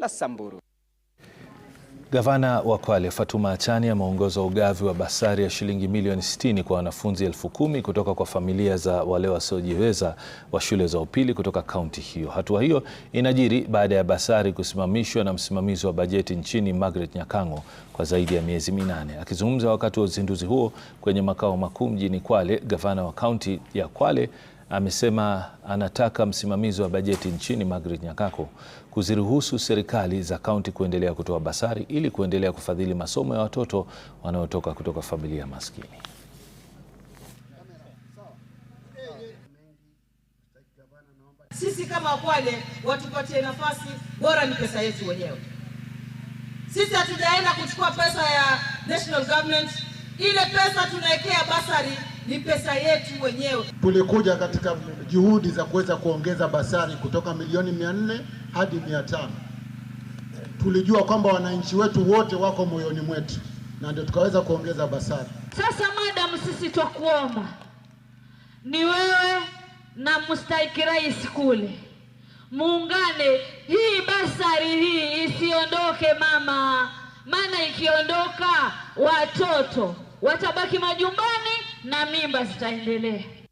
la Samburu. Gavana wa Kwale Fatuma Achani ameongoza ugavi wa basari ya shilingi milioni 60 kwa wanafunzi elfu kumi kutoka kwa familia za wale wasiojiweza wa shule za upili kutoka kaunti hiyo. Hatua hiyo inajiri baada ya basari kusimamishwa na msimamizi wa bajeti nchini Margaret Nyakango kwa zaidi ya miezi minane. Akizungumza wakati wa uzinduzi huo kwenye makao makuu mjini Kwale, gavana wa kaunti ya Kwale amesema anataka msimamizi wa bajeti nchini Margaret Nyakako kuziruhusu serikali za kaunti kuendelea kutoa basari ili kuendelea kufadhili masomo ya watoto wanaotoka kutoka familia maskini. Sisi kama Kwale watupatie nafasi, bora ni pesa yetu wenyewe. Sisi hatujaenda kuchukua pesa ya national government. Ile pesa tunawekea basari ni pesa yetu wenyewe. Tulikuja katika juhudi za kuweza kuongeza basari kutoka milioni mia nne hadi mia tano. Tulijua kwamba wananchi wetu wote wako moyoni mwetu, na ndio tukaweza kuongeza basari. Sasa madam, sisi twakuomba ni wewe na mstahiki rais kule muungane, hii basari hii isiondoke mama, maana ikiondoka watoto watabaki majumbani na mimba zitaendelea.